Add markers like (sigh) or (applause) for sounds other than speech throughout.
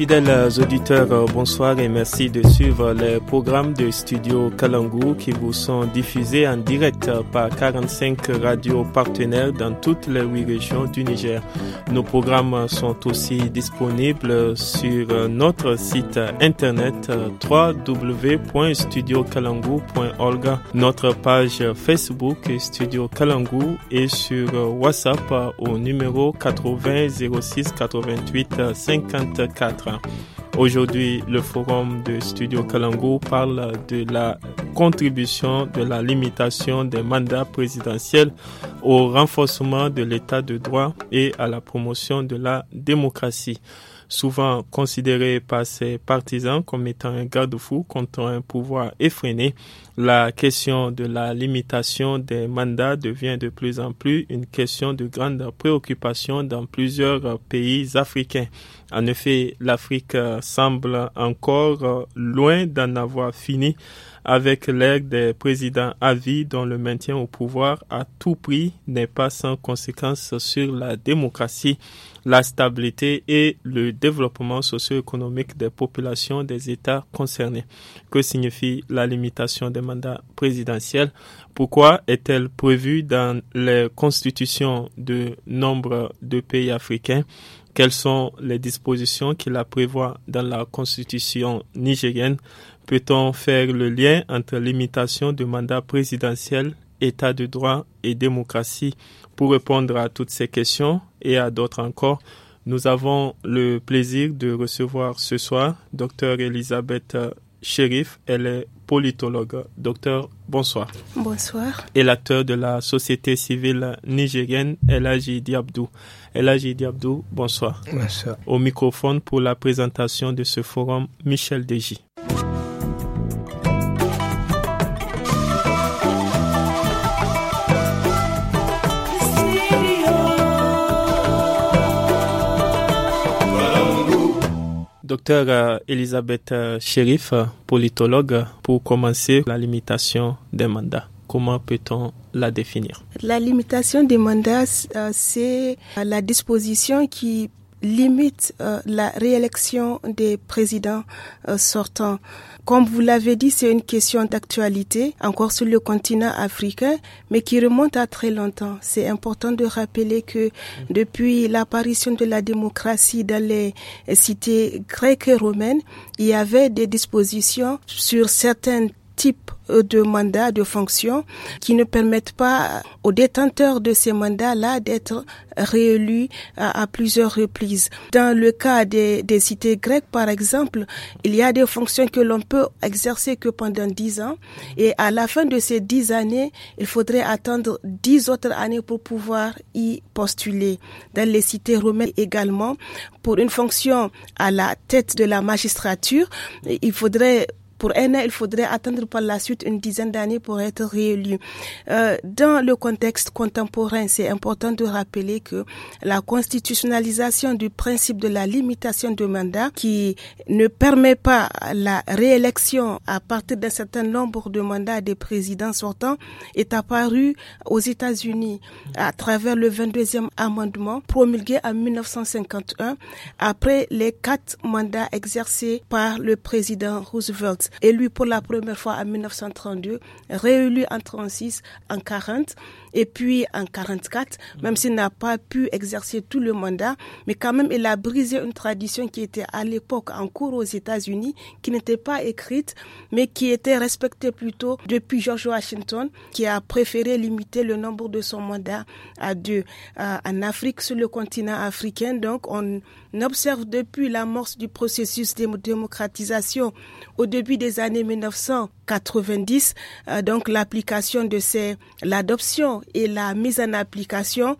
Fidèles auditeurs, euh, bonsoir et merci de suivre les programmes de Studio Kalangu qui vous sont diffusés en direct euh, par 45 radios partenaires dans toutes les huit régions du Niger. Nos programmes sont aussi disponibles sur euh, notre site internet www.studiokalangu.org, notre page Facebook Studio Kalangu et sur WhatsApp au numéro 80 06 88 54 aujourd'hui, le forum de Studio Kalango parle de la contribution de la limitation des mandats présidentiels au renforcement de l'état de droit et à la promotion de la démocratie souvent considérée par ses partisans comme étant un garde-fou contre un pouvoir effréné, la question de la limitation des mandats devient de plus en plus une question de grande préoccupation dans plusieurs pays africains. En effet, l'Afrique euh, semble encore euh, loin d'en avoir fini avec l'aide des présidents à vie dont le maintien au pouvoir à tout prix n'est pas sans conséquences sur la démocratie, la stabilité et le développement socio-économique des populations des États concernés. Que signifie la limitation des mandats présidentiels Pourquoi est-elle prévue dans les constitutions de nombre de pays africains quelles sont les dispositions qui la prévoient dans la constitution nigérienne Peut-on faire le lien entre l'imitation du mandat présidentiel, état de droit et démocratie Pour répondre à toutes ces questions et à d'autres encore, nous avons le plaisir de recevoir ce soir Dr Elisabeth euh, Cherif, Elle est politologue. Docteur, bonsoir. Bonsoir. Et l'acteur de la société civile nigérienne, Elhaji Diabdou. Et là, Abdou, bonsoir. Au microphone pour la présentation de ce forum, Michel Deji. Docteur euh, Elisabeth Sherif, euh, euh, politologue, pour commencer la limitation des mandats comment peut-on la définir La limitation des mandats, euh, c'est euh, la disposition qui limite euh, la réélection des présidents sortants. Comme vous l'avez dit, c'est une question d'actualité, encore sur le continent africain, mais qui remonte à très longtemps. C'est important de rappeler que depuis l'apparition de la démocratie dans les cités grecques et romaines, il y avait des dispositions sur certains types euh, de mandats, de fonctions qui ne permettent pas aux détenteurs de ces mandats-là d'être réélus à, plusieurs reprises. Dans le cas des, des cités grecques, par exemple, il y a des fonctions que l'on peut exercer que pendant dix ans et à la fin de ces dix années, il faudrait attendre dix autres années pour pouvoir y postuler. Dans les cités romaines également, pour une fonction à la tête de la magistrature, il faudrait pour un il faudrait attendre par la suite une dizaine d'années pour être réélu. Euh, dans le contexte contemporain, c'est important de rappeler que la constitutionnalisation du principe de la limitation de mandat qui ne permet pas la réélection à partir d'un certain nombre de mandats des présidents sortants est apparue aux États-Unis à travers le 22e amendement promulgué en 1951 après les quatre mandats exercés par le président Roosevelt élu pour la première fois en 1932, réélu en 36, en 40 et puis en 44, même s'il n'a pas pu exercer tout le mandat, mais quand même il a brisé une tradition qui était à l'époque en cours aux États-Unis, qui n'était pas écrite, mais qui était respectée plutôt depuis George Washington, qui a préféré limiter le nombre de son mandat à deux. Euh, en Afrique, sur le continent africain, donc on n'observe depuis l'amorce du processus de démocratisation au début des années 1990, euh, donc l'application de ces, l'adoption et la mise en application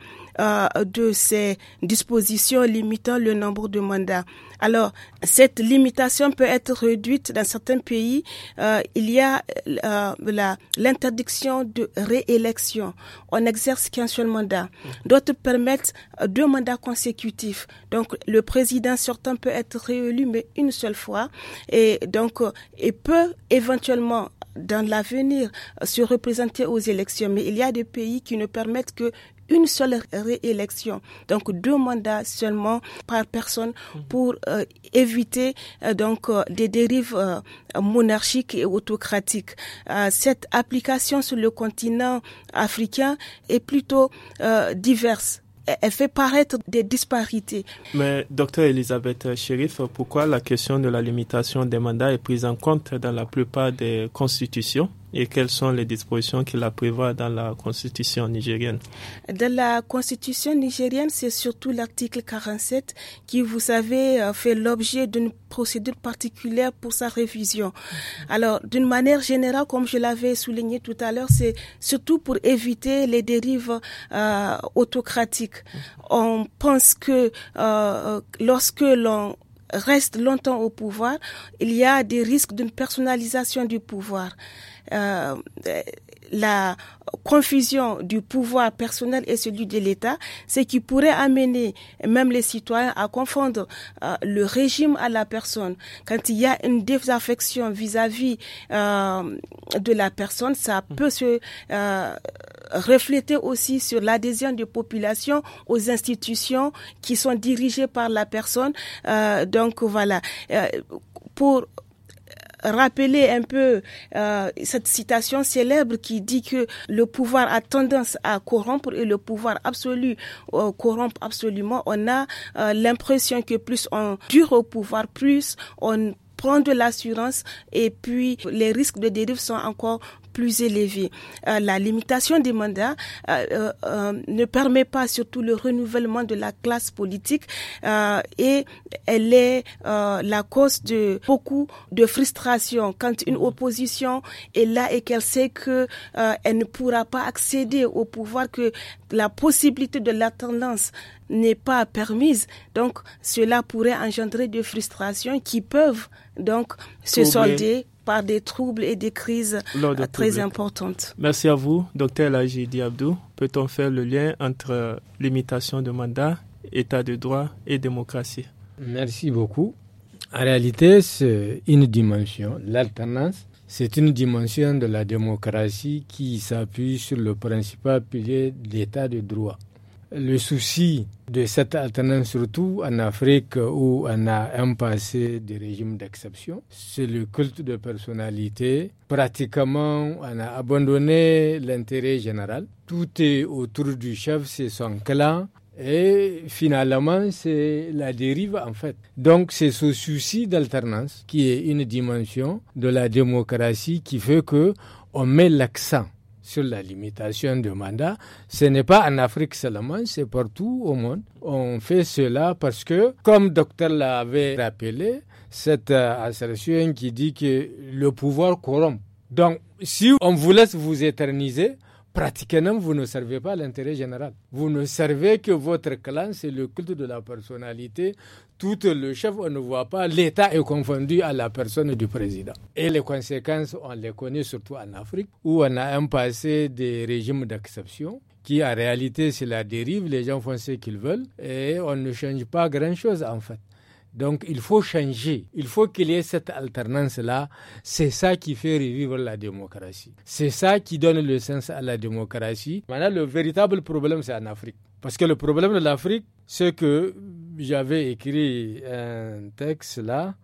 de ces dispositions limitant le nombre de mandats. Alors, cette limitation peut être réduite dans certains pays. Euh, il y a euh, l'interdiction de réélection. On n'exerce qu'un seul mandat. D'autres permettent deux mandats consécutifs. Donc, le président sortant peut être réélu, mais une seule fois. Et donc, et euh, peut éventuellement dans l'avenir se représenter aux élections. Mais il y a des pays qui ne permettent que une seule réélection, donc deux mandats seulement par personne pour euh, éviter euh, donc euh, des dérives monarchiques et autocratiques. cette application sur le continent africain est plutôt diverse elle fait paraître des disparités. Mais docteur Elisabeth Chérif, pourquoi la question de la limitation des mandats est prise en compte dans la plupart des constitutions et quelles sont les dispositions qui la prévoient dans la Constitution nigérienne Dans la Constitution nigérienne, c'est surtout l'article 47 qui, vous savez, euh, fait l'objet d'une procédure particulière pour sa révision. Mhm. Alors, d'une manière générale, comme je l'avais souligné tout à l'heure, c'est surtout pour éviter les dérives euh, autocratiques. Mhm. On pense que euh, lorsque l'on reste longtemps au pouvoir, il y a des risques d'une personnalisation du pouvoir. Euh, la confusion du pouvoir personnel et celui de l'État, ce qui pourrait amener même les citoyens à confondre euh, le régime à la personne. Quand il y a une désaffection vis-à-vis euh, de la personne, ça mm. peut se refléter aussi sur l'adhésion des populations aux institutions qui sont dirigées par la personne. donc voilà. pour rappeler un peu euh, cette citation célèbre qui dit que le pouvoir a tendance à corrompre et le pouvoir absolu euh, corrompt absolument. On a euh, l'impression que plus on dure au pouvoir, plus on prend de l'assurance et puis les risques de dérive sont encore plus élevée. Euh, la limitation des mandats euh, euh, ne permet pas surtout le renouvellement de la classe politique et elle est la cause de beaucoup de frustration quand une opposition est là et qu'elle sait que elle ne pourra pas accéder au pouvoir que la possibilité de l'attendance n'est pas permise. Donc, cela pourrait engendrer des frustrations qui peuvent donc se solder des troubles et des crises euh, très importantes. Merci à vous, docteur Lajidi Abdou. Peut-on faire le lien entre euh, limitation de mandat, état de droit et démocratie Merci beaucoup. En réalité, c'est une dimension, l'alternance. C'est une dimension de la démocratie qui s'appuie sur le principal pilier de l'état de droit le souci de cette alternance, surtout en Afrique où on a un passé de régime d'exception, c'est le culte de personnalité. Pratiquement, on a abandonné l'intérêt général. Tout est autour du chef, c'est son clan. Et finalement, c'est la dérive en fait. Donc c'est ce souci d'alternance qui est une dimension de la démocratie qui fait que on met l'accent sur la limitation de mandat. Ce n'est pas en Afrique seulement, c'est partout au monde. On fait cela parce que, comme le docteur l'avait rappelé, cette euh, assertion qui dit que le pouvoir corrompt. Donc, si on vous laisse vous éterniser, pratiquement, vous ne servez pas l'intérêt général. Vous ne servez que votre clan, c'est le culte de la personnalité, tout le chef, on ne voit pas. L'État est confondu à la personne du président. Et les conséquences, on les connaît surtout en Afrique, où on a un passé des régimes d'exception qui en réalité c'est la dérive, les gens font ce qu'ils veulent et on ne change pas grand-chose en fait. Donc il faut changer, il faut qu'il y ait cette alternance-là, c'est ça qui fait revivre la démocratie, c'est ça qui donne le sens à la démocratie. Maintenant le véritable problème c'est en Afrique, parce que le problème de l'Afrique c'est que j'avais écrit un texte là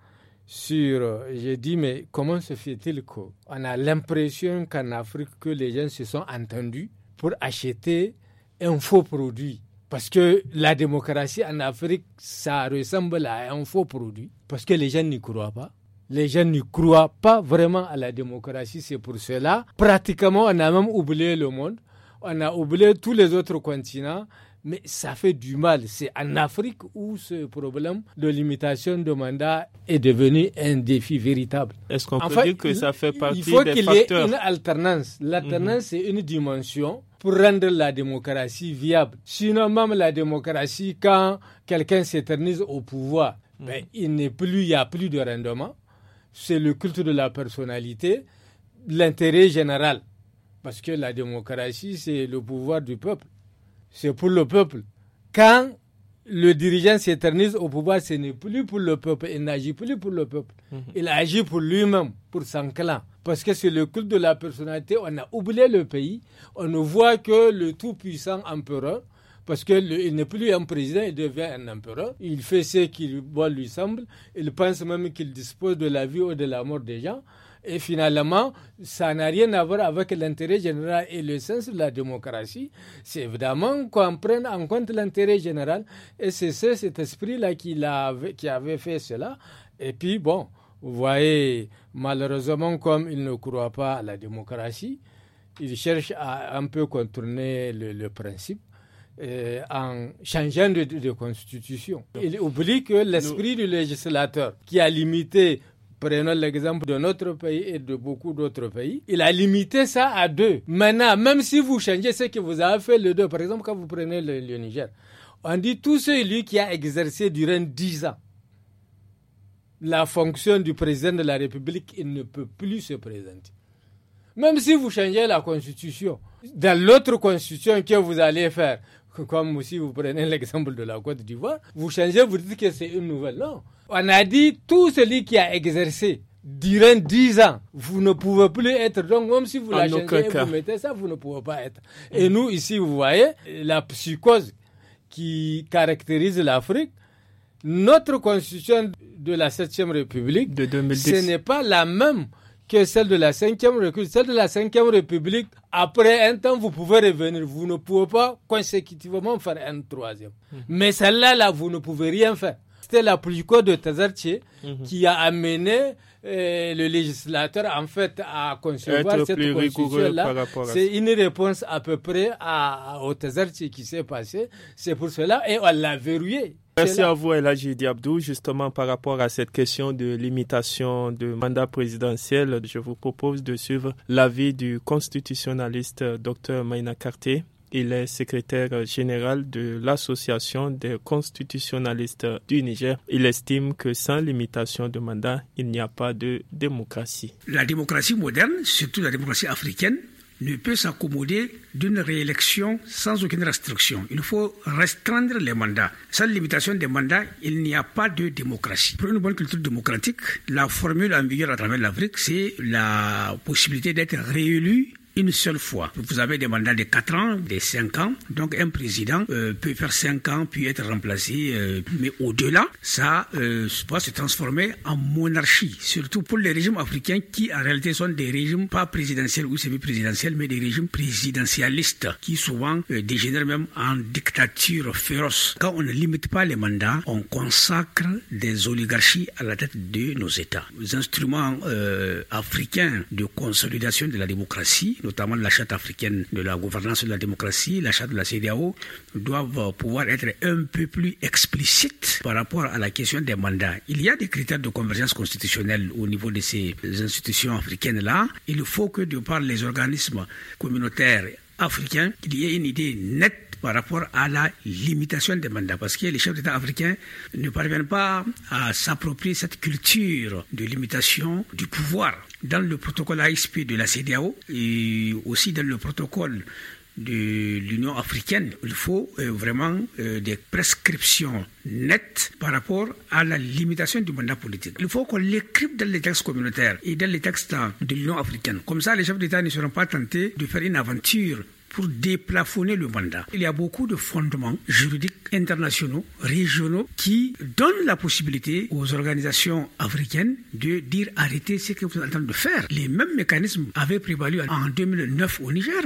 sur. J'ai dit, mais comment se fait-il qu'on a l'impression qu'en Afrique, que les gens se sont entendus pour acheter un faux produit Parce que la démocratie en Afrique, ça ressemble à un faux produit. Parce que les gens n'y croient pas. Les gens n'y croient pas vraiment à la démocratie. C'est pour cela, pratiquement, on a même oublié le monde. On a oublié tous les autres continents mais ça fait du mal. C'est en Afrique où ce problème de limitation de mandat est devenu un défi véritable. Est-ce qu'on peut dire que ça fait partie des facteurs Il faut qu'il y ait une alternance. L'alternance mhm. c'est une dimension pour rendre la démocratie viable. Sinon, même la démocratie, quand quelqu'un s'éternise au pouvoir, mhm. ben, il n'est plus, il n'y a plus de rendement. C'est le culte de la personnalité, l'intérêt général. Parce que la démocratie, c'est le pouvoir du peuple c'est pour le peuple. Quand le dirigeant s'éternise au pouvoir, ce n'est plus pour le peuple, il n'agit plus pour le peuple. Mhm. Il agit pour lui-même, pour son clan. Parce que c'est le culte de la personnalité, on a oublié le pays, on ne voit que le tout-puissant empereur, parce qu'il n'est plus un président, il devient un empereur. Il fait ce qu'il bon, lui semble, il pense même qu'il dispose de la vie ou de la mort des gens. Et finalement, ça n'a rien à voir avec l'intérêt général et le sens de la démocratie. C'est évidemment qu'on prenne en compte l'intérêt général. Et c'est cet esprit-là qui, qui avait fait cela. Et puis, bon, vous voyez, malheureusement, comme il ne croit pas à la démocratie, il cherche à un peu contourner le, principe. Euh, en changeant de constitution. Il oublie que l'esprit du législateur, qui a limité Prenons l'exemple de notre pays et de beaucoup d'autres pays. Il a limité ça à deux. Maintenant, même si vous changez ce que vous avez fait le deux, par exemple, quand vous prenez le, Niger, on dit tout celui qui a exercé durant dix ans la fonction du président de la République, il ne peut plus se présenter. Même si vous changez la constitution, dans l'autre constitution que vous allez faire, comme si vous prenez (laughs) l'exemple de la Côte d'Ivoire, vous changez, vous dites que c'est une nouvelle. Non. On a dit tout celui qui a exercé durant 10 ans, vous ne pouvez plus être. Donc, même si vous la changez et vous mettez ça, vous ne pouvez pas être. Et nous, ici, vous voyez, la psychose qui caractérise l'Afrique, notre constitution de la 7e République, de ce n'est pas la même que celle de la 5 République. Celle de la République, après un temps, vous pouvez revenir. Vous ne pouvez pas consécutivement faire un troisième. Mhm. Mais celle-là, là, vous ne pouvez rien faire. C'était l'application de Tazartier mhm. qui a amené euh, le législateur, en fait, à concevoir cette constitution-là. C'est une réponse à peu près à, au qui s'est passé. C'est pour cela, et on l'a verrouillé. Merci à vous, Elhaji Abdou, Justement, par rapport à cette question de limitation de mandat présidentiel, je vous propose de suivre l'avis du constitutionnaliste Dr Maina Karté. Il est secrétaire général de l'Association des constitutionnalistes du Niger. Il estime que sans limitation de mandat, il n'y a pas de démocratie. La démocratie moderne, surtout la démocratie africaine, ne peut s'accommoder d'une réélection sans aucune restriction. Il faut restreindre les mandats. Sans limitation des mandats, il n'y a pas de démocratie. Pour une bonne culture démocratique, la formule en vigueur à travers l'Afrique, c'est la possibilité d'être réélu une seule fois. Vous avez des mandats de 4 ans, de 5 ans. Donc un président euh, peut faire 5 ans puis être remplacé. Euh, mais au-delà, ça euh, va se transformer en monarchie. Surtout pour les régimes africains qui en réalité sont des régimes pas présidentiels ou semi-présidentiels, mais des régimes présidentialistes qui souvent euh, dégénèrent même en dictature féroce. Quand on ne limite pas les mandats, on consacre des oligarchies à la tête de nos États. Les instruments africains de consolidation de la démocratie notamment la charte africaine de la gouvernance de la démocratie, la charte de la CDAO, doivent pouvoir être un peu plus explicites par rapport à la question des mandats. Il y a des critères de convergence constitutionnelle au niveau de ces institutions africaines-là. Il faut que, de par les organismes communautaires africains, il y ait une idée nette par rapport à la limitation des mandats, parce que les chefs d'État africains ne parviennent pas à s'approprier cette culture de limitation du pouvoir. Dans le protocole ASP de la CDAO et aussi dans le protocole de l'Union africaine, il faut euh, vraiment euh, des prescriptions nettes par rapport à la limitation du mandat politique. Il faut qu'on l'écrive dans les textes communautaires et dans les textes de l'Union africaine. Comme ça, les chefs d'État ne seront pas tentés de faire une aventure pour déplafonner le mandat. Il y a beaucoup de fondements juridiques internationaux, régionaux, qui donnent la possibilité aux organisations africaines de dire arrêtez ce que vous êtes en train de faire. Les mêmes mécanismes avaient prévalu en 2009 au Niger.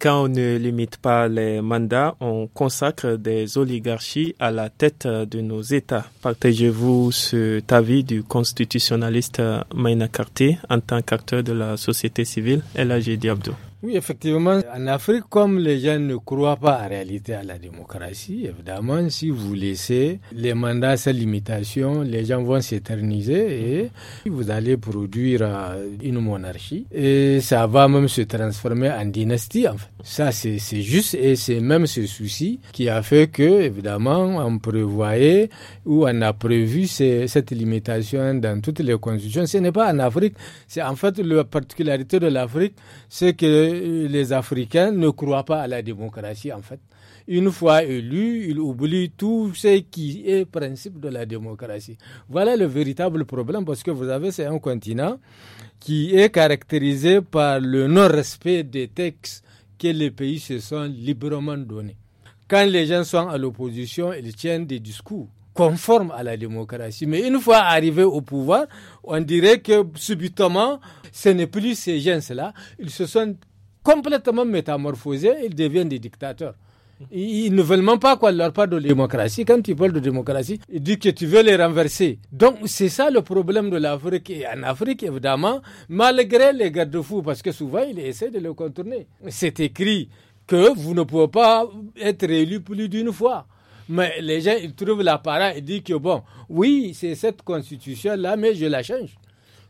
quand on ne limite pas les mandats, on consacre des oligarchies à la tête de nos États. Partagez-vous cet avis du constitutionnaliste Maina Karté en tant qu'acteur de la société civile, LAG Diabdo. Oui, effectivement, en Afrique, comme les gens ne croient pas en réalité à la démocratie, évidemment, si vous laissez les mandats sans limitation, les gens vont s'éterniser et vous allez produire euh, une monarchie. Et ça va même se transformer en dynastie, en fait. Ça, c'est juste et c'est même ce souci qui a fait que, évidemment, on prévoyait ou on a prévu cette limitation dans toutes les constitutions. Ce n'est pas en Afrique, c'est en fait la particularité de l'Afrique, c'est que les Africains ne croient pas à la démocratie, en fait. Une fois élus, ils oublient tout ce qui est principe de la démocratie. Voilà le véritable problème, parce que vous avez, c'est un continent qui est caractérisé par le non-respect des textes que les pays se sont librement donnés. Quand les gens sont à l'opposition, ils tiennent des discours conformes à la démocratie. Mais une fois arrivés au pouvoir, on dirait que subitement, ce n'est plus ces gens-là. Ils se sont complètement métamorphosés, ils deviennent des dictateurs. Ils ne veulent même pas qu'on leur parle de démocratie. Quand tu parles de démocratie, ils disent que tu veux les renverser. Donc, c'est ça le problème de l'Afrique. Et en Afrique, évidemment, malgré les garde-fous, parce que souvent, ils essaient de les contourner. C'est écrit que vous ne pouvez pas être élu plus d'une fois. Mais les gens, ils trouvent l'appareil et disent que bon, oui, c'est cette constitution-là, mais je la change.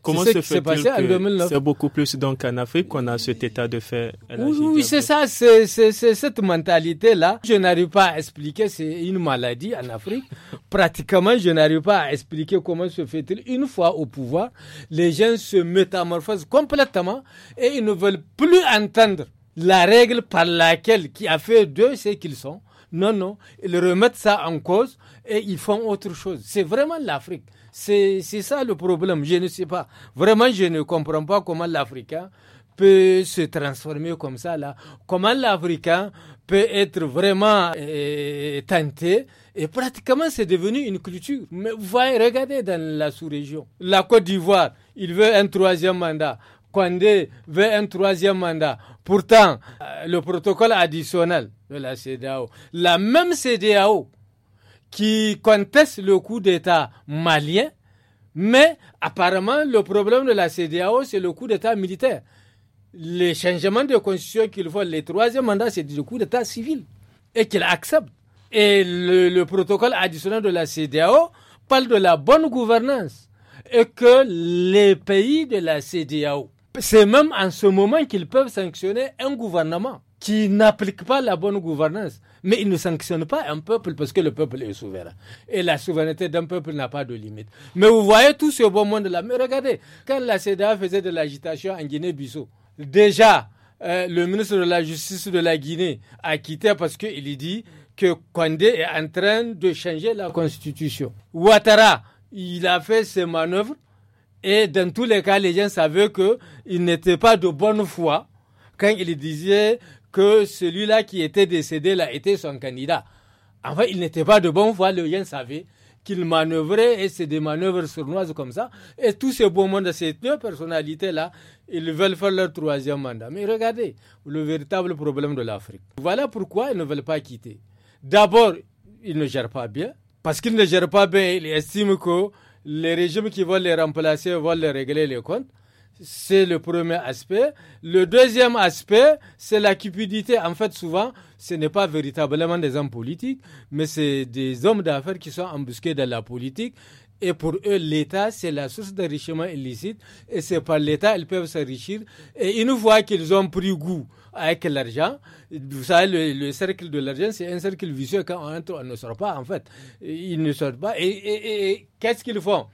Comment se fait-il c'est beaucoup plus donc en Afrique qu'on a cet état de fait Oui, oui c'est ça, c'est cette mentalité-là. Je n'arrive pas à expliquer, c'est une maladie en Afrique. Pratiquement, je n'arrive pas à expliquer comment se fait-il. Une fois au pouvoir, les gens se métamorphosent complètement et ils ne veulent plus entendre la règle par laquelle qui a fait d'eux ce qu'ils sont non, non, ils remettent ça en cause et ils font autre chose. C'est vraiment l'Afrique. C'est ça le problème. Je ne sais pas. Vraiment, je ne comprends pas comment l'Africain peut se transformer comme ça là. Comment l'Africain peut être vraiment euh, tenté et pratiquement c'est devenu une culture. Mais vous voyez, regardez dans la sous-région. La Côte d'Ivoire, il veut un troisième mandat. Condé veut un troisième mandat. Pourtant, euh, le protocole additionnel de la CDAO. La même CDAO qui conteste le coup d'État malien, mais apparemment le problème de la CDAO, c'est le coup d'État militaire. Les changements de constitution qu'il faut, les troisième mandat, c'est du coup d'État civil et qu'il accepte. Et le, protocole additionnel de la CDAO parle de la bonne gouvernance et que les pays de la CDAO, c'est même en ce moment qu'ils peuvent sanctionner un gouvernement qui n'applique pas la bonne gouvernance. Mais il ne sanctionne pas un peuple parce que le peuple est souverain. Et la souveraineté d'un peuple n'a pas de limite. Mais vous voyez tout ce beau monde-là. Mais regardez, quand la CDA faisait de l'agitation en Guinée-Bissau, déjà, euh, le ministre de la Justice de la Guinée a quitté parce qu'il dit que Kondé est en train de changer la constitution. Ouattara, il a fait ses manœuvres et dans tous les cas, les gens savaient qu'il n'était pas de bonne foi quand il disait que celui-là qui était décédé là était son candidat. En fait, il n'était pas de bon. foi, le Yen savait qu'il manœuvrait et c'est des manœuvres sournoises comme ça. Et tous ces beaux mondes, ces deux personnalités-là, ils veulent faire leur troisième mandat. Mais regardez le véritable problème de l'Afrique. Voilà pourquoi ils ne veulent pas quitter. D'abord, ils ne gèrent pas bien. Parce qu'ils ne gèrent pas bien, ils estiment que les régimes qui vont les remplacer vont les régler les comptes. C'est le premier aspect. Le deuxième aspect, c'est la cupidité. En fait, souvent, ce n'est pas véritablement des hommes politiques, mais c'est des hommes d'affaires qui sont embusqués dans la politique. Et pour eux, l'État, c'est la source d'enrichissement illicite. Et c'est par l'État qu'ils peuvent s'enrichir. Et ils nous voient qu'ils ont pris goût avec l'argent. Vous savez, le, cercle de l'argent, c'est un cercle vicieux. Quand on entre, on ne sort pas, en fait. Ils ne sortent pas. et qu'est-ce qu'ils font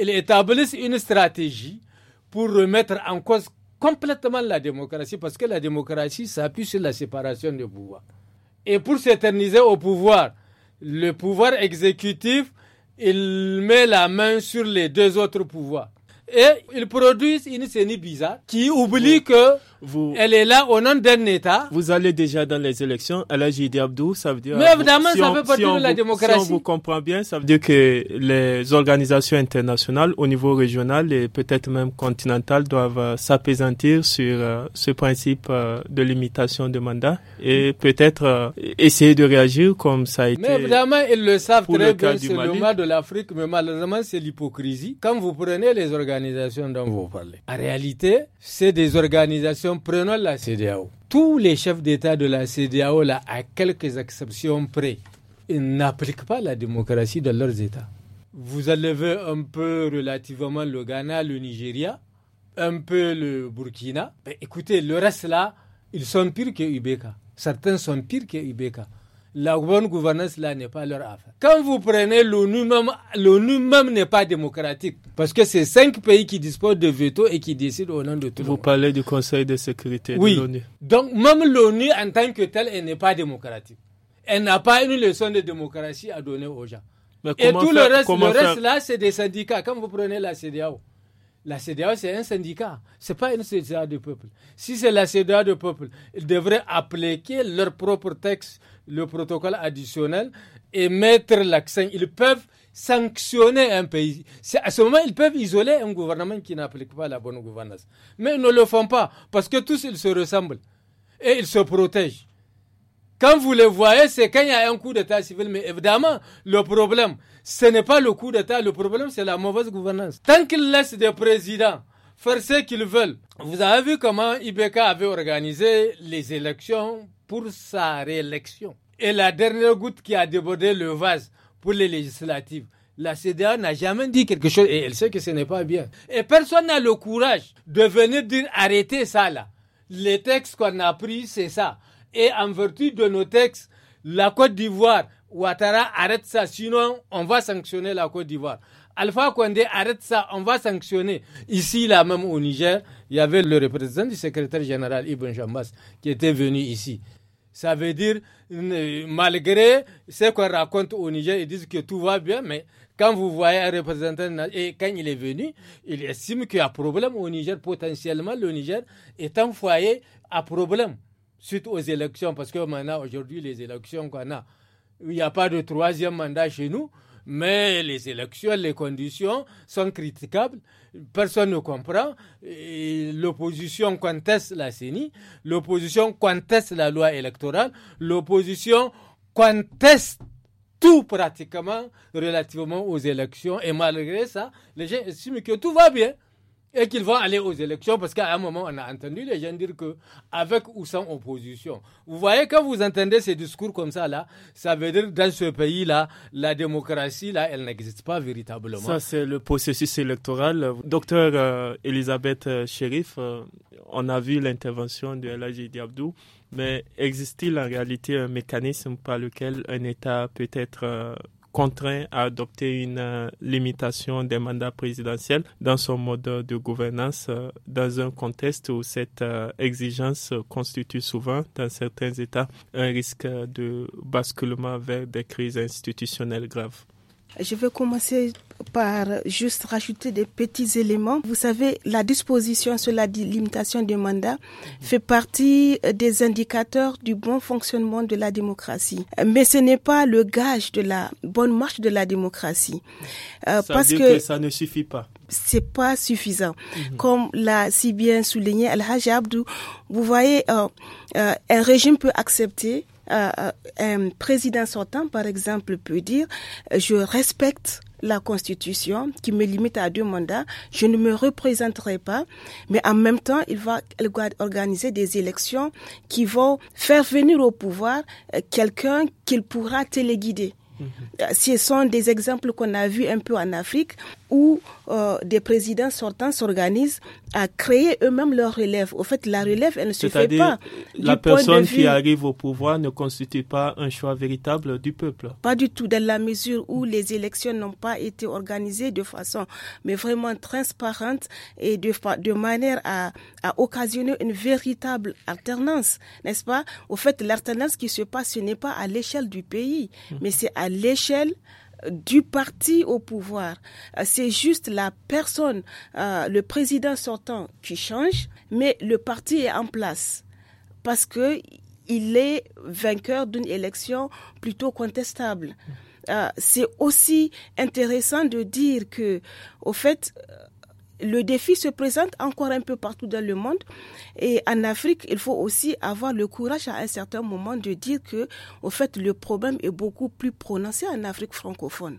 Ils établissent une stratégie pour remettre en cause complètement la démocratie, parce que la démocratie s'appuie sur la séparation des pouvoirs. Et pour s'éterniser au pouvoir, le pouvoir exécutif, il met la main sur les deux autres pouvoirs et ils produisent une scène bizarre qui oublie que vous, elle est là au nom d'un État. Vous allez déjà dans les élections. à a Jidi Abdou, ça veut dire. Mais évidemment, ça on, fait pas la démocratie. Si on vous comprend bien, ça veut dire que les organisations internationales, au niveau régional et peut-être même continental, doivent euh, s'apaisantir sur euh, ce principe euh, de limitation de mandat et peut-être essayer de réagir comme ça a été. Mais évidemment, ils le savent très bien. C'est le mal de l'Afrique, mais malheureusement, c'est l'hypocrisie. Quand vous prenez les organisations en réalité, c'est des organisations prenant la CDAO. Tous les chefs d'État de la CDAO, là, à quelques exceptions près, n'appliquent pas la démocratie dans leurs États. Vous enlevez un peu relativement le Ghana, le Nigeria, un peu le Burkina. Ben, écoutez, le reste là, ils sont pires que Ibeka. Certains sont pires que Ibeka la bonne gouvernance là n'est pas leur affaire. Quand vous prenez l'ONU même, l'ONU même n'est pas démocratique parce que c'est cinq pays qui disposent de veto et qui décident au nom de tout le monde. Vous parlez du Conseil de sécurité oui. de l'ONU. Donc même l'ONU en tant que telle, elle n'est pas démocratique. Elle n'a pas une leçon de démocratie à donner aux gens. Mais et tout le reste, le reste là, c'est des syndicats. Quand vous prenez la CDAO, la CDA, c'est un syndicat. Ce n'est pas une CDA du peuple. Si c'est la cda du peuple, ils devraient appliquer leur propre texte, le protocole additionnel, et mettre l'accent. Ils peuvent sanctionner un pays. À ce moment, ils peuvent isoler un gouvernement qui n'applique pas la bonne gouvernance. Mais ils ne le font pas, parce que tous, ils se ressemblent. Et ils se protègent. Quand vous les voyez, c'est quand il y a un coup d'État civil. Mais évidemment, le problème, ce n'est pas le coup d'État. Le problème, c'est la mauvaise gouvernance. Tant qu'ils laissent des présidents faire ce qu'ils veulent, vous avez vu comment Ibeka avait organisé les élections pour sa réélection. Et la dernière goutte qui a débordé le vase pour les législatives, la CDA n'a jamais dit quelque chose et elle sait que ce n'est pas bien. Et personne n'a le courage de venir dire arrêtez ça là. Les textes qu'on a pris, c'est ça. Et en vertu de nos textes, la Côte d'Ivoire, Ouattara arrête ça, sinon on va sanctionner la Côte d'Ivoire. Alpha Condé arrête ça, on va sanctionner. Ici, là même au Niger, il y avait le représentant du secrétaire général Ibn Jambas qui était venu ici. Ça veut dire, euh, malgré ce qu'on raconte au Niger, ils disent que tout va bien, mais quand vous voyez un représentant, et quand il est venu, il estime qu'il y a problème au Niger, potentiellement le Niger est un foyer à problème suite aux élections, parce que maintenant, aujourd'hui, les élections qu'on a, il n'y a pas de troisième mandat chez nous, mais les élections, les conditions sont critiquables, personne ne comprend, l'opposition conteste la CENI, l'opposition conteste la loi électorale, l'opposition conteste tout pratiquement relativement aux élections, et malgré ça, les gens estiment que tout va bien et qu'ils vont aller aux élections parce qu'à un moment, on a entendu les gens dire que avec ou sans opposition. Vous voyez, quand vous entendez ces discours comme ça, là, ça veut dire que dans ce pays-là, la démocratie, là, elle n'existe pas véritablement. Ça, c'est le processus électoral. Docteur euh, Elisabeth euh, Chérif, euh, on a vu l'intervention de LHJ Diabdou, mais existe-t-il en réalité un mécanisme par lequel un État peut être contraint à adopter une euh, limitation des mandats présidentiels dans son mode de gouvernance euh, dans un contexte où cette euh, exigence constitue souvent, dans certains États, un risque de basculement vers des crises institutionnelles graves. Je vais commencer par juste rajouter des petits éléments. Vous savez, la disposition sur la limitation du mandat fait partie euh, des indicateurs du bon fonctionnement de la démocratie. Euh, mais ce n'est pas le gage de la bonne marche de la démocratie. Euh, parce que, ça ne suffit pas c'est pas suffisant. Mhm. Comme l'a si bien souligné Al-Hajj Abdou, vous voyez, un régime peut accepter euh, euh, un président sortant, par exemple, peut dire euh, je respecte la Constitution qui me limite à deux mandats. Je ne me représenterai pas, mais en même temps, il va, organiser des élections qui vont faire venir au pouvoir quelqu'un qu'il pourra téléguider. Mhm. Ce sont des exemples qu'on a vus un peu en Afrique où euh, des présidents sortants s'organisent à créer eux-mêmes leur relève. Au fait, la relève, elle ne se fait pas. La personne qui arrive au pouvoir ne constitue pas un choix véritable du peuple. Pas du tout, dans la mesure où les élections n'ont pas été organisées de façon, mais vraiment transparente et de, de manière à, occasionner une véritable alternance, n'est-ce pas Au fait, l'alternance qui se passe, ce n'est pas à l'échelle du pays, hmm. mais c'est à l'échelle du parti au pouvoir. Euh, c'est juste la personne, euh, le président sortant qui change, mais le parti est en place parce que il est vainqueur d'une élection plutôt contestable. Euh, c'est aussi intéressant de dire que, au fait, le défi se présente encore un peu partout dans le monde. Et en Afrique, il faut aussi avoir le courage à un certain moment de dire que, au fait, le problème est beaucoup plus prononcé en Afrique francophone.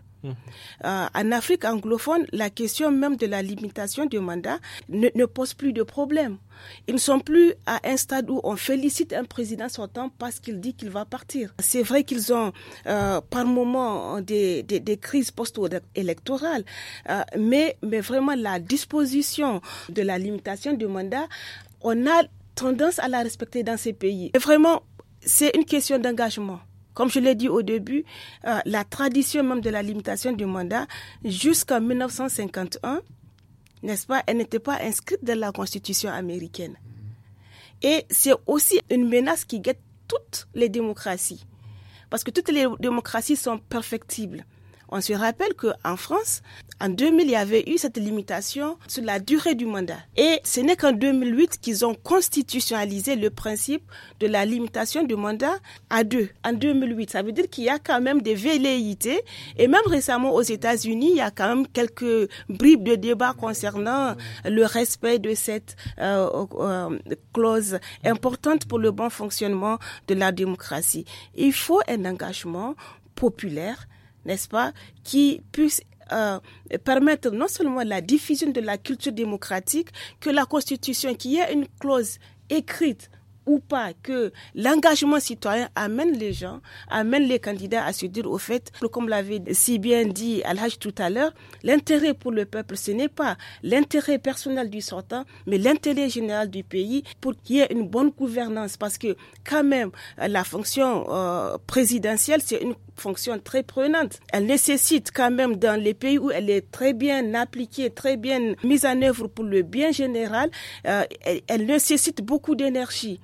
Euh, en Afrique anglophone, la question même de la limitation du mandat ne, pose plus de problème. Ils ne sont plus à un stade où on félicite un président sortant parce qu'il dit qu'il va partir. C'est vrai qu'ils ont euh, par moments des, des, crises post-électorales, euh, mais, mais vraiment la disposition de la limitation du mandat, on a tendance à la respecter dans ces pays. Et vraiment, c'est une question d'engagement. Comme je l'ai dit au début, euh, la tradition même de la limitation du mandat jusqu'en 1951, n'est-ce pas, elle n'était pas inscrite dans la Constitution américaine. Et c'est aussi une menace qui guette toutes les démocraties. Parce que toutes les démocraties sont perfectibles. On se rappelle qu'en France, en 2000, il y avait eu cette limitation sur la durée du mandat. Et ce n'est qu'en 2008 qu'ils ont constitutionnalisé le principe de la limitation du mandat à deux. En 2008, ça veut dire qu'il y a quand même des velléités. Et même récemment aux États-Unis, il y a quand même quelques bribes de débat concernant le respect de cette euh, euh, clause importante pour le bon fonctionnement de la démocratie. Il faut un engagement populaire n'est-ce pas, qui puisse euh, permettre non seulement la diffusion de la culture démocratique, que la Constitution, qui est une clause écrite ou pas que l'engagement citoyen amène les gens, amène les candidats à se dire au fait, comme l'avait si bien dit Alhaj tout à l'heure, l'intérêt pour le peuple, ce n'est pas l'intérêt personnel du sortant, mais l'intérêt général du pays pour qu'il y ait une bonne gouvernance. Parce que quand même, la fonction euh, présidentielle, c'est une fonction très prenante. Elle nécessite quand même dans les pays où elle est très bien appliquée, très bien mise en œuvre pour le bien général, euh, elle nécessite beaucoup d'énergie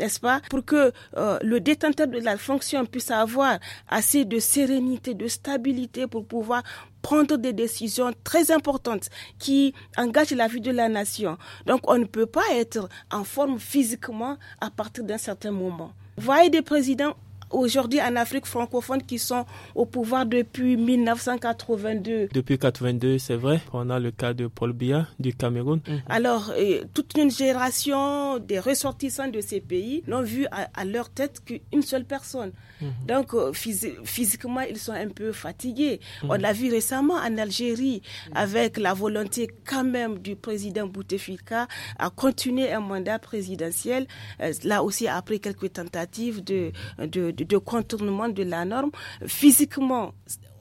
n'est-ce pas, pour que euh, le détenteur de la fonction puisse avoir assez de sérénité, de stabilité pour pouvoir prendre des décisions très importantes qui engagent la vie de la nation. Donc on ne peut pas être en forme physiquement à partir d'un certain moment. Voyez des présidents aujourd'hui en Afrique francophone qui sont au pouvoir depuis 1982. Depuis 82, c'est vrai. On a le cas de Paul Biya du Cameroun. Mhm. Alors, euh, toute une génération des ressortissants de ces pays n'ont vu à, leur tête qu'une seule personne. Mhm. Donc, euh, physiquement, ils sont un peu fatigués. Mhm. On l'a vu récemment en Algérie avec la volonté quand même du président Bouteflika à continuer un mandat présidentiel. Euh, là aussi, après quelques tentatives de, de de, contournement de la norme. Physiquement,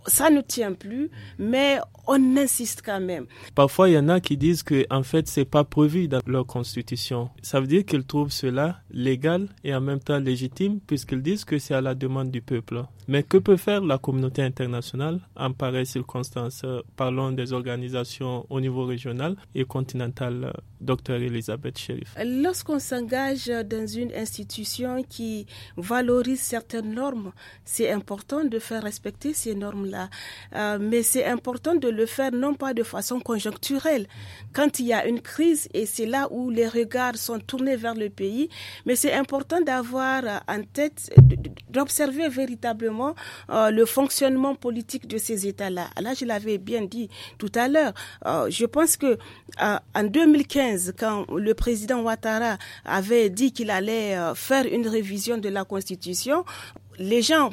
ça ne tient plus, mais on insiste quand même. Parfois, il y en a qui disent que en fait, c'est pas prévu dans leur constitution. Ça veut dire qu'ils trouvent cela légal et en même temps légitime, puisqu'ils disent que c'est à la demande du peuple. Mais que peut faire la communauté internationale en pareille circonstance euh, Parlons des organisations au niveau régional et continental, euh, docteur Elisabeth Sherif. Lorsqu'on s'engage dans une institution qui valorise certaines normes, c'est important de faire respecter ces normes-là. Euh, mais c'est important de le faire non pas de façon conjoncturelle. Quand il y a une crise, et c'est là où les regards sont tournés vers le pays, mais c'est important d'avoir en tête, d'observer véritablement euh, le fonctionnement politique de ces États-là. Là, je l'avais bien dit tout à l'heure. Euh, je pense que euh, en 2015, quand le président Ouattara avait dit qu'il allait faire une révision de la Constitution, les gens,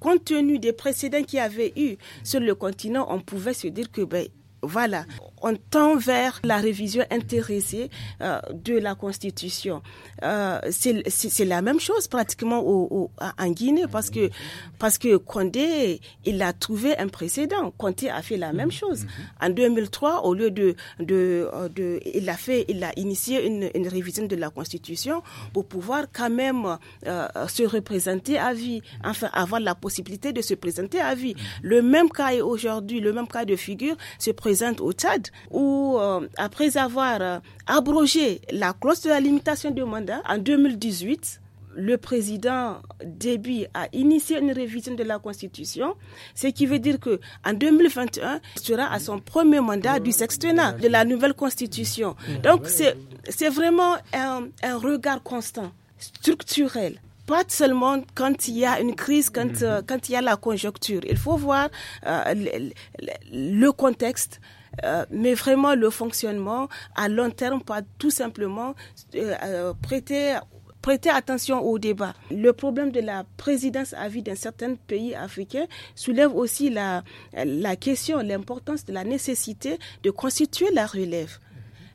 compte tenu des précédents qu'il y avait eu sur le continent, on pouvait se dire que ben voilà, on tend vers la révision intéressée euh, de la Constitution. Euh, c'est la même chose pratiquement en Guinée parce que, parce que Condé, il a trouvé un précédent. Condé a fait la même mhm. chose. Mhm. En 2003, au lieu euh, de, il a fait, il a initié une, révision de la Constitution pour pouvoir quand même se représenter à vie, enfin avoir la possibilité de se présenter à vie. Mhm. Le même cas est aujourd'hui, le même cas de figure se présente au Tchad où, euh, après avoir euh, abrogé la clause de la limitation de mandat en 2018, le président Déby a initié une révision de la Constitution, ce qui veut dire que en 2021 il sera à son premier mandat du sextennat de la nouvelle Constitution. Donc c'est vraiment un, regard constant, structurel pas seulement quand il y a une crise, quand, euh, quand il y a la conjoncture. Il faut voir le, contexte, euh, mais vraiment, le fonctionnement à long terme, pas tout simplement euh, euh, prêter prêter attention au débat. Le problème de la présidence à vie d'un certain pays africain soulève aussi la, la question, l'importance de la nécessité de constituer la relève.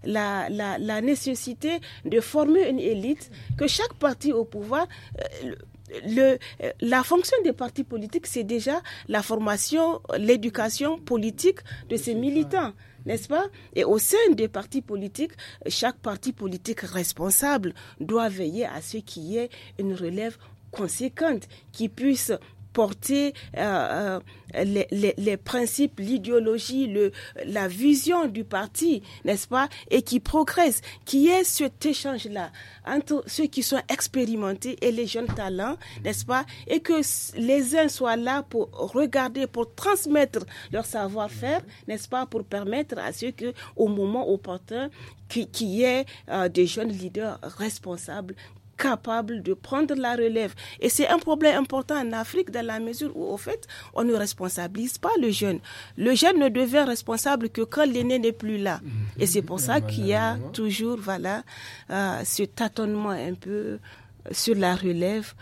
La, la, nécessité de former une élite, que chaque parti au pouvoir euh, la fonction des partis politiques, c'est déjà la formation, l'éducation politique de ces militants n'est-ce pas Et au sein des partis politiques, chaque parti politique responsable doit veiller à ce qu'il y ait une relève conséquente qui puisse porter euh, euh, les, principes, l'idéologie, le, la vision du parti, n'est-ce pas, et qui progresse, qui est cet échange-là entre ceux qui sont expérimentés et les jeunes talents, n'est-ce pas, et que les uns soient là pour regarder, pour transmettre leur savoir-faire, mhm. n'est-ce pas, pour permettre à ceux que, au moment opportun, qui, qui est euh, des jeunes leaders responsables capable de prendre la relève. Et c'est un problème important en Afrique dans la mesure où, au fait, on ne responsabilise pas le jeune. Le jeune ne devient responsable que quand l'aîné n'est plus là. Et c'est pour ça qu'il y a toujours, voilà, euh, ce tâtonnement un peu sur la relève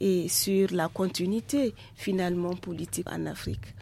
et sur la continuité, finalement, politique en Afrique.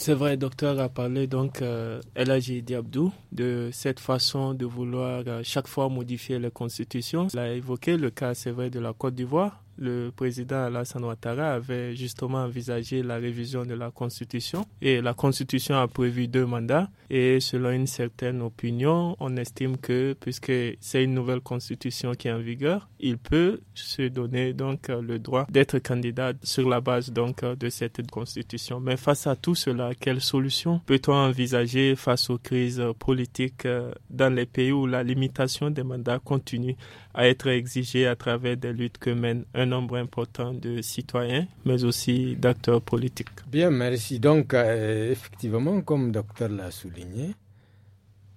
C'est vrai, docteur a parlé donc euh, Diabdou de cette façon de vouloir euh, chaque fois modifier la constitution. Il a évoqué le cas, c'est vrai, de la Côte d'Ivoire le président Alassane Ouattara avait justement envisagé la révision de la Constitution et la Constitution a prévu deux mandats et selon une certaine opinion, on estime que puisque c'est une nouvelle Constitution qui est en vigueur, il peut se donner donc le droit d'être candidat sur la base donc de cette Constitution. Mais face à tout cela, quelle solution peut-on envisager face aux crises politiques euh, dans les pays où la limitation des mandats continue à être exigée à travers des luttes que mène un nombre important de citoyens, mais aussi d'acteurs politiques. Bien, merci. Donc, euh, effectivement, comme le docteur l'a souligné,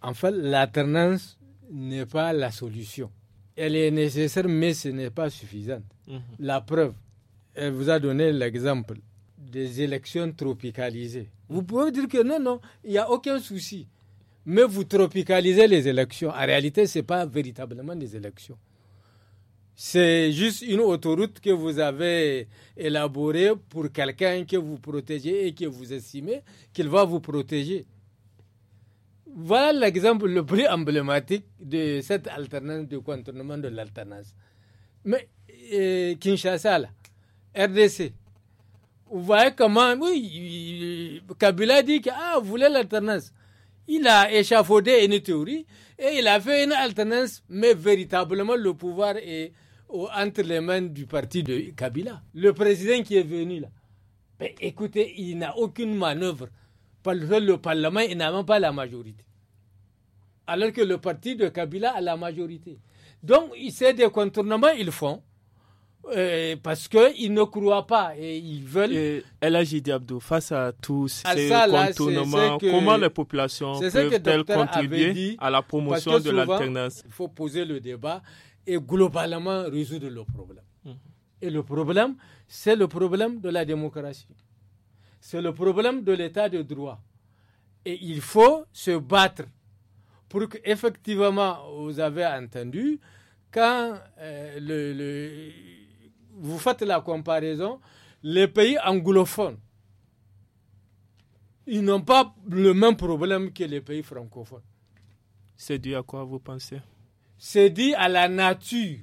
en fait, l'alternance n'est pas la solution. Elle est nécessaire, mais ce n'est pas suffisante. Mhm. La preuve, elle vous a donné l'exemple des élections tropicalisées. Vous pouvez dire que non, non, il n'y a aucun souci. Mais vous tropicalisez les élections. En réalité, ce n'est pas véritablement des élections. C'est juste une autoroute que vous avez élaborée pour quelqu'un que vous protégez et que vous estimez qu'il va vous protéger. Voilà l'exemple le plus emblématique de cette alternance, du contournement de l'alternance. Mais euh, Kinshasa, RDC, vous voyez comment, oui, Kabila dit qu'il ah, l'alternance. Il a échafaudé une théorie et il a fait une alternance, mais véritablement le pouvoir est entre les mains du parti de Kabila. Le président qui est venu là, ben, écoutez, il n'a aucune manœuvre. le Parlement, il n'a même pas la majorité. Alors que le parti de Kabila a la majorité. Donc, c'est des contournements, ils font. Euh, parce qu'ils ne croient pas et ils veulent. Et El Abdou, face à tous ah, ces contournements, comment les populations peuvent-elles contribuer à la promotion de l'alternance Il faut poser le débat et globalement résoudre le problème. Et le problème, c'est le problème de la démocratie. C'est le problème de l'état de droit. Et il faut se battre pour qu'effectivement, effectivement, vous avez entendu, quand euh, le, vous faites la comparaison, les pays anglophones, ils n'ont pas le même problème que les pays francophones. C'est dû à quoi vous pensez c'est dû à la nature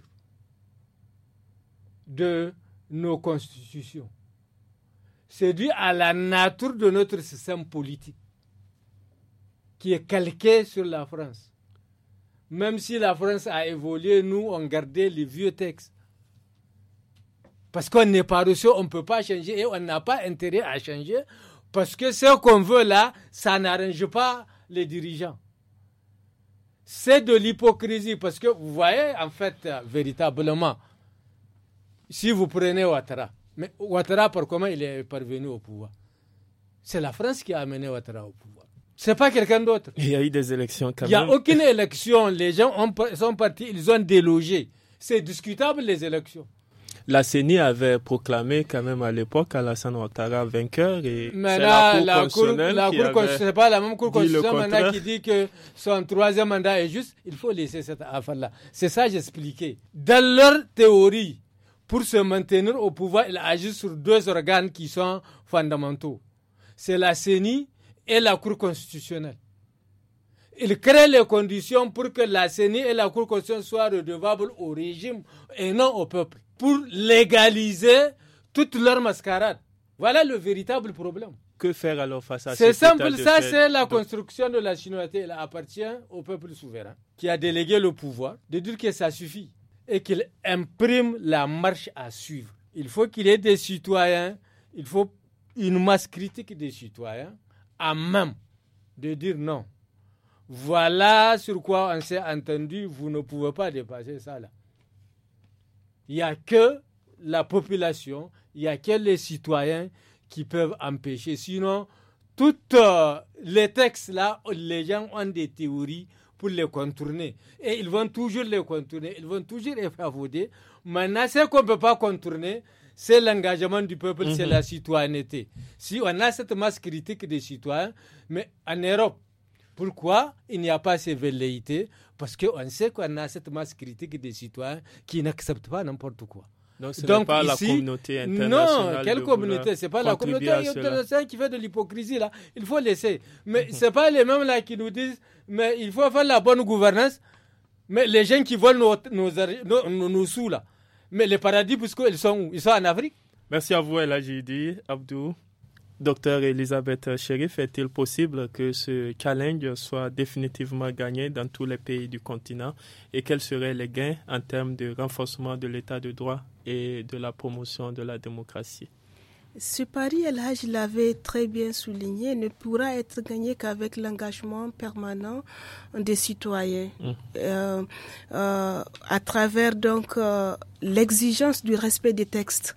de nos constitutions. C'est dû à la nature de notre système politique qui est calqué sur la France. Même si la France a évolué, nous, on gardait les vieux textes. Parce qu'on n'est pas reçu, on ne peut pas changer et on n'a pas intérêt à changer parce que ce qu'on veut là, ça n'arrange pas les dirigeants c'est de l'hypocrisie parce que vous voyez, en fait, euh, véritablement, si vous prenez Ouattara, mais Ouattara, par comment il est parvenu au pouvoir C'est la France qui a amené Ouattara au pouvoir. C'est pas quelqu'un d'autre. Il y a eu des élections quand même. Il n'y a aucune élection. Les gens sont partis, ils ont délogé. C'est discutable les élections la CENI avait proclamé quand même à l'époque Alassane Ouattara vainqueur et mais la Cour pas la même Cour constitutionnelle qui dit que son troisième mandat est juste. Il faut laisser cette affaire-là. C'est ça j'expliquais. Dans leur théorie, pour se maintenir au pouvoir, il agit sur deux organes qui sont fondamentaux. C'est la CENI et la Cour constitutionnelle. Il crée les conditions pour que la CENI et la Cour constitutionnelle soient redevables au régime et non au peuple pour légaliser toute leur mascarade. Voilà le véritable problème. Que faire alors face à C'est simple, ça c'est la construction de la chinoiserie. Elle appartient au peuple souverain qui a délégué le pouvoir de dire que ça suffit et qu'il imprime la marche à suivre. Il faut qu'il y ait des citoyens, il faut une masse critique des citoyens à même de dire non. Voilà sur quoi on s'est entendu, vous ne pouvez pas dépasser ça là. Il n'y a que la population, il n'y a que les citoyens qui peuvent empêcher. Sinon, tous euh, les textes là, les gens ont des théories pour les contourner. Et ils vont toujours les contourner, ils vont toujours les favoriser. Maintenant, ce qu'on ne peut pas contourner, c'est l'engagement du peuple, c'est mhm. la citoyenneté. Si on a cette masse critique des citoyens, mais en Europe, pourquoi il n'y a pas ces velléités Parce qu'on sait qu'on a cette masse critique des citoyens qui n'acceptent pas n'importe quoi. Donc, ce n'est pas la communauté internationale. Non, quelle communauté C'est pas la communauté internationale qui fait de l'hypocrisie, là. Il faut laisser. Mais (laughs) ce n'est pas les mêmes, là, qui nous disent, mais il faut faire la bonne gouvernance. Mais les gens qui veulent nos, nos, sous, là. Mais les paradis, ils sont où Ils sont en Afrique. Merci à vous, El Abdou. Docteur Elisabeth Sheriff, euh, est-il possible que ce challenge soit définitivement gagné dans tous les pays du continent et quels seraient les gains en termes de renforcement de l'état de droit et de la promotion de la démocratie ce pari, là je l'avais très bien souligné, ne pourra être gagné qu'avec l'engagement permanent des citoyens, mmh. euh, euh, à travers donc l'exigence du respect des textes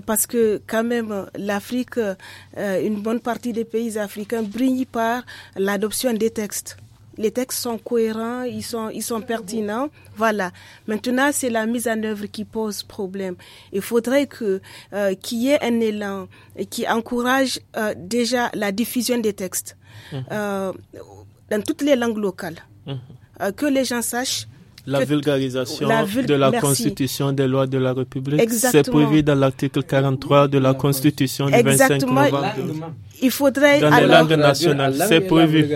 parce que quand même l'Afrique, euh, une bonne partie des pays africains brillent par l'adoption des textes. Les textes sont cohérents, ils sont, ils sont pertinents. Voilà. Maintenant, c'est la mise en œuvre qui pose problème. Il faudrait que qui euh, qu'il y ait un élan qui encourage euh, déjà la diffusion des textes mmh. dans toutes les langues locales, mmh. que les gens sachent la vulgarisation de la Constitution des lois de la République, c'est prévu dans l'article 43 de la Constitution du 25 novembre. Il faudrait dans alors, les langues nationales, c'est prévu.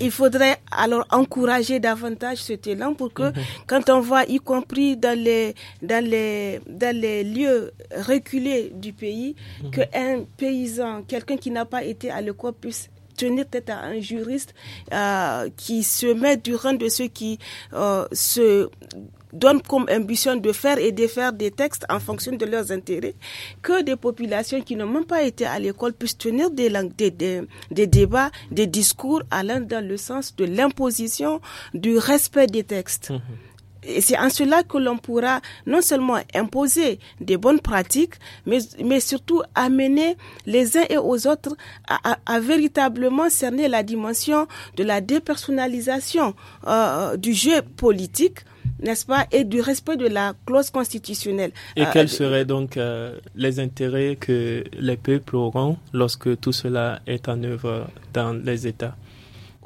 Il faudrait alors encourager davantage cet élan pour que, mhm. quand on voit, y compris dans les, dans les, les lieux reculés du pays, mhm. qu'un paysan, quelqu'un qui n'a pas été à l'école puisse tenir tête à un juriste euh, qui se met du rang de ceux qui euh, se donnent comme ambition de faire et de faire des textes en fonction de leurs intérêts, que des populations qui n'ont même pas été à l'école puissent tenir des, langues, des, débats, des discours allant dans le sens de l'imposition, du respect des textes. Mm-hmm. Et c'est en cela que l'on pourra non seulement imposer des bonnes pratiques, mais, surtout amener les uns et aux autres à, véritablement cerner la dimension de la dépersonnalisation euh, du jeu politique n'est-ce pas, et du respect de la clause constitutionnelle. Et euh, quels seraient donc euh, les intérêts que les peuples auront lorsque tout cela est en œuvre dans les États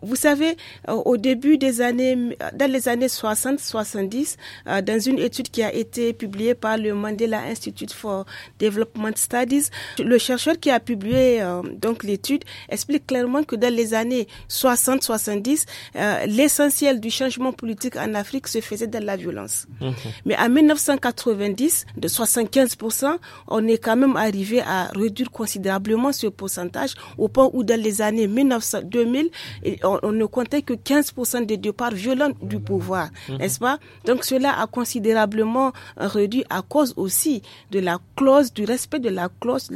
vous savez, euh, au début des années, dans les années 60-70, euh, dans une étude qui a été publiée par le Mandela Institute for Development Studies, le chercheur qui a publié euh, donc l'étude explique clairement que dans les années 60-70, l'essentiel du changement politique en Afrique se faisait dans la violence. Mais en 1990, de 75%, on est quand même arrivé à réduire considérablement ce pourcentage au point où dans les années 2000, on, ne comptait que 15% des départs violents du mmh. pouvoir, mmh. n'est-ce pas Donc cela a considérablement euh, réduit à cause aussi de la clause, du respect de la clause,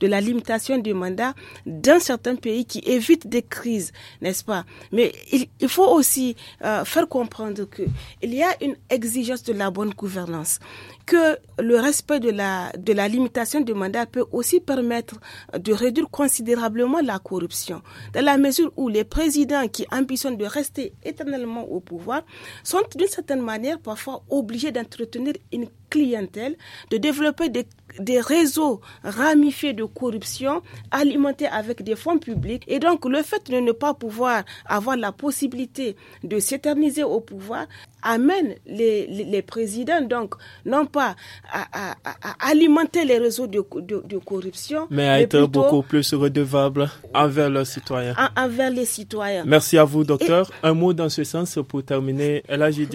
de la limitation du mandat dans certains pays qui évitent des crises, n'est-ce pas Mais il, faut aussi euh, faire comprendre qu'il y a une exigence de la bonne gouvernance que le respect de la, de la limitation du mandat peut aussi permettre de réduire considérablement la corruption, dans la mesure où les présidents qui ambitionnent de rester éternellement au pouvoir sont d'une certaine manière parfois obligés d'entretenir une clientèle, de développer des des réseaux ramifiés de corruption alimentés avec des fonds publics. Et donc, le fait de ne pas pouvoir avoir la possibilité de s'éterniser au pouvoir amène les, présidents, donc, non pas à, alimenter les réseaux de, de, corruption, mais à être beaucoup plus redevables envers leurs citoyens. envers les citoyens. Merci à vous, docteur. Un mot dans ce sens pour terminer. Là, j'ai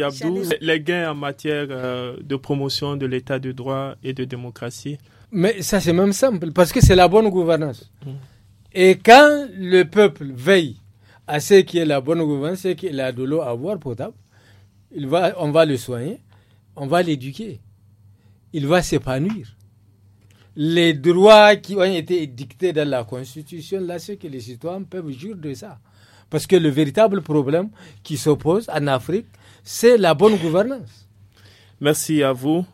les gains en matière euh, de promotion de l'état de droit et de démocratie mais ça, c'est même simple, parce que c'est la bonne gouvernance. Mm. Et quand le peuple veille à ce qui est la bonne gouvernance, ce qu'il a de l'eau à boire potable, il va, on va le soigner, on va l'éduquer, il va s'épanouir. Les droits qui ont été dictés dans la Constitution, là, c'est que les citoyens peuvent jurer de ça. Parce que le véritable problème qui s'oppose en Afrique, c'est la bonne gouvernance. Merci à vous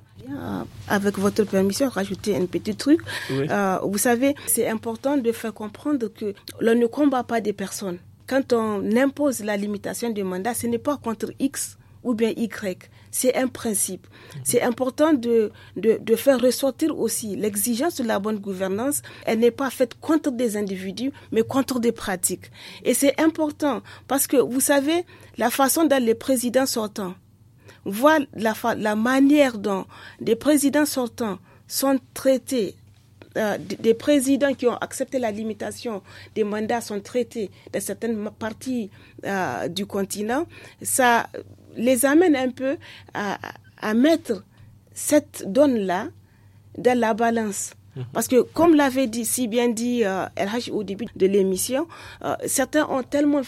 avec votre permission, rajouter un petit truc. Euh, vous savez, c'est important de faire comprendre que l'on ne combat pas des personnes. Quand on impose la limitation du mandat, ce n'est pas contre X ou bien Y. C'est un principe. C'est important de, de, de, faire ressortir aussi l'exigence de la bonne gouvernance. Elle n'est pas faite contre des individus, mais contre des pratiques. Et c'est important parce que, vous savez, la façon dont les présidents sortants voit la, manière dont des présidents sortants sont traités euh, des présidents qui ont accepté la limitation des mandats sont traités dans certaines parties euh, du continent, ça les amène un peu à, mettre cette donne-là dans la balance. Mhm. Parce que, comme l'avait dit, si bien dit LH euh, RH au début de l'émission, certains ont tellement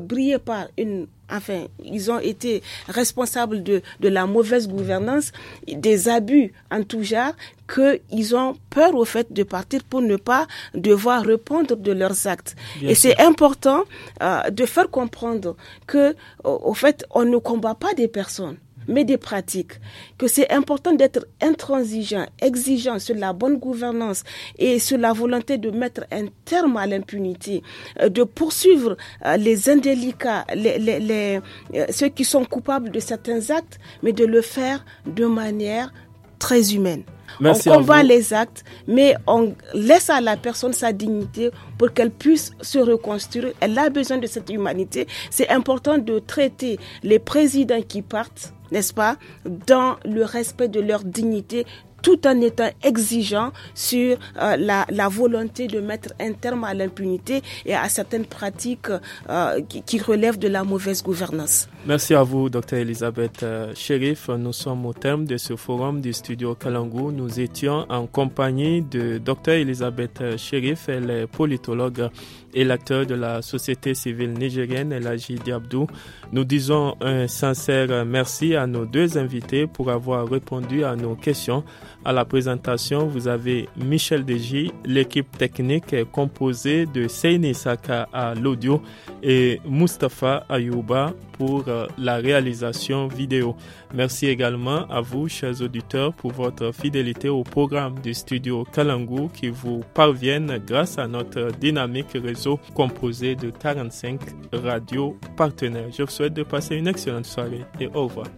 brillé par une enfin, ils ont été responsables de, de la mauvaise gouvernance, des abus en tout genre, qu'ils ont peur au fait de partir pour ne pas devoir répondre de leurs actes. et c'est important euh, de faire comprendre que, au fait, on ne combat pas des personnes mais des pratiques, que c'est important d'être intransigeant, exigeant sur la bonne gouvernance et sur la volonté de mettre un terme à l'impunité, euh, de poursuivre euh, les indélicats, les, euh, ceux qui sont coupables de certains actes, mais de le faire de manière très humaine. on combat les actes, mais on laisse à la personne sa dignité pour qu'elle puisse se reconstruire. Elle a besoin de cette humanité. C'est important de traiter les présidents qui partent n'est-ce pas, dans le respect de leur dignité tout en étant exigeant sur euh, la, volonté de mettre un terme à l'impunité et à certaines pratiques euh, qui relèvent de la mauvaise gouvernance. Merci à vous, Docteur Elisabeth euh, Sheriff. Nous sommes au terme de ce forum du studio Kalangou. Nous étions en compagnie de Docteur Elisabeth euh, Sheriff. Elle est politologue et l'acteur de la société civile nigérienne, Elagi Diabdou. Nous disons un sincère merci à nos deux invités pour avoir répondu à nos questions. À la présentation, vous avez Michel Deji. L'équipe technique est composée de Seine Saka à l'audio et Mustapha Ayouba pour euh, euh, la réalisation vidéo. Merci également à vous, chers auditeurs, pour votre fidélité au programme du studio Kalangu qui vous parviennent grâce à notre dynamique réseau composé de 45 radios partenaires. Je vous souhaite de passer une excellente soirée et au revoir.